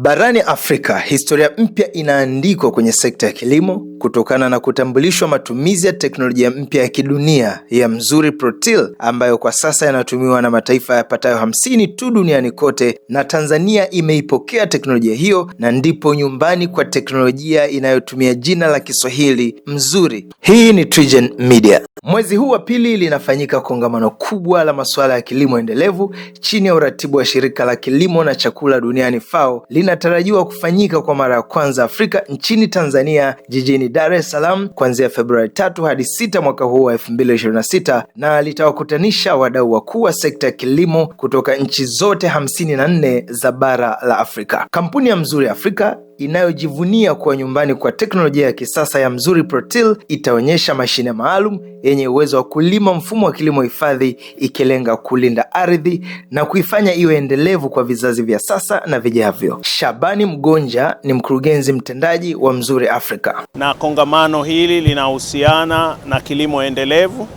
Barani Afrika, historia mpya inaandikwa kwenye sekta ya kilimo, kutokana na kutambulishwa matumizi ya teknolojia mpya ya kidunia ya mzuri Protil ambayo kwa sasa yanatumiwa na mataifa yapatayo hamsini tu duniani kote, na Tanzania imeipokea teknolojia hiyo na ndipo nyumbani kwa teknolojia inayotumia jina la Kiswahili mzuri. Hii ni TriGen Media. Mwezi huu wa pili linafanyika kongamano kubwa la masuala ya kilimo endelevu chini ya uratibu wa shirika la kilimo na chakula duniani FAO, linatarajiwa kufanyika kwa mara ya kwanza Afrika nchini Tanzania jijini Dar es Salaam kuanzia Februari 3 hadi 6 mwaka huu wa 2026 na litawakutanisha wadau wakuu wa sekta ya kilimo kutoka nchi zote 54 za bara la Afrika. Kampuni ya Mzuri Afrika inayojivunia kuwa nyumbani kwa teknolojia ya kisasa ya Mzuri Protil itaonyesha mashine maalum yenye uwezo wa kulima mfumo wa kilimo hifadhi ikilenga kulinda ardhi na kuifanya iwe endelevu kwa vizazi vya sasa na vijavyo. Shabani Mgonja ni mkurugenzi mtendaji wa Mzuri Africa. Na kongamano hili linahusiana na kilimo endelevu,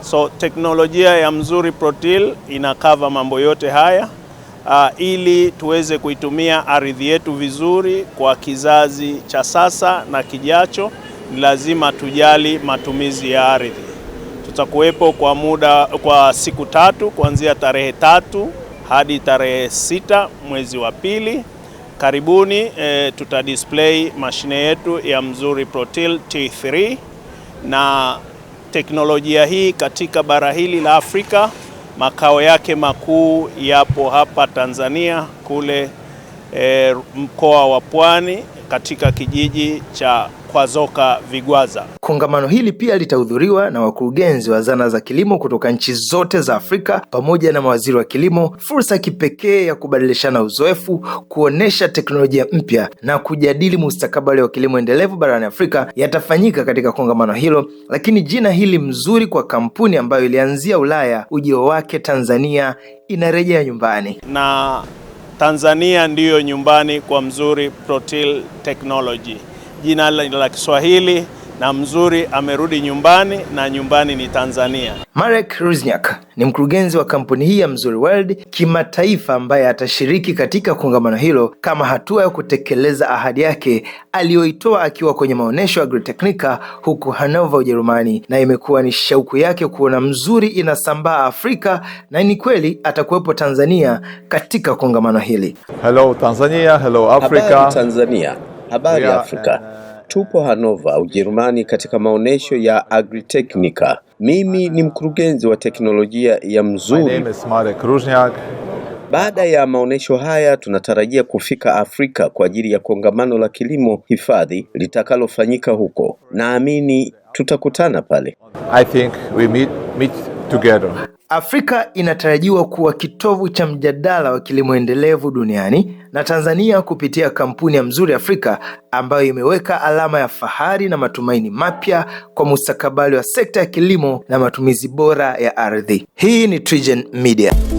so teknolojia ya Mzuri Protil inakava mambo yote haya uh, ili tuweze kuitumia ardhi yetu vizuri kwa kizazi cha sasa na kijacho, ni lazima tujali matumizi ya ardhi. Tutakuwepo kwa muda kwa siku tatu kuanzia tarehe tatu hadi tarehe sita mwezi wa pili. Karibuni e, tuta display mashine yetu ya Mzuri Protil T3 na teknolojia hii katika bara hili la Afrika Makao yake makuu yapo hapa Tanzania kule e, mkoa wa Pwani katika kijiji cha Kwazoka Vigwaza. Kongamano hili pia litahudhuriwa na wakurugenzi wa zana za kilimo kutoka nchi zote za Afrika pamoja na mawaziri wa kilimo, fursa kipekee ya kubadilishana uzoefu, kuonesha teknolojia mpya na kujadili mustakabali wa kilimo endelevu barani Afrika yatafanyika katika kongamano hilo. Lakini jina hili mzuri kwa kampuni ambayo ilianzia Ulaya, ujio wake Tanzania inarejea nyumbani na Tanzania ndiyo nyumbani kwa Mzuri Protil Technology, jina la Kiswahili na mzuri amerudi nyumbani na nyumbani ni Tanzania. Marek Ruzniak ni mkurugenzi wa kampuni hii ya Mzuri World kimataifa ambaye atashiriki katika kongamano hilo kama hatua ya kutekeleza ahadi yake aliyoitoa akiwa kwenye maonyesho ya Agritechnica huko Hanover, Ujerumani, na imekuwa ni shauku yake kuona Mzuri inasambaa Afrika na ni kweli atakuwepo Tanzania katika kongamano hili. Hello Tanzania, hello Africa. Habari Tanzania. Habari ya Afrika. Eh, Tupo Hanova, Ujerumani katika maonyesho ya Agritechnica. Mimi ni mkurugenzi wa teknolojia ya Mzuri. Baada ya maonyesho haya tunatarajia kufika Afrika kwa ajili ya kongamano la kilimo hifadhi litakalofanyika huko. Naamini tutakutana pale. I think we meet, meet together. Afrika inatarajiwa kuwa kitovu cha mjadala wa kilimo endelevu duniani na Tanzania kupitia kampuni ya Mzuri Afrika ambayo imeweka alama ya fahari na matumaini mapya kwa mustakabali wa sekta ya kilimo na matumizi bora ya ardhi. Hii ni TriGen Media.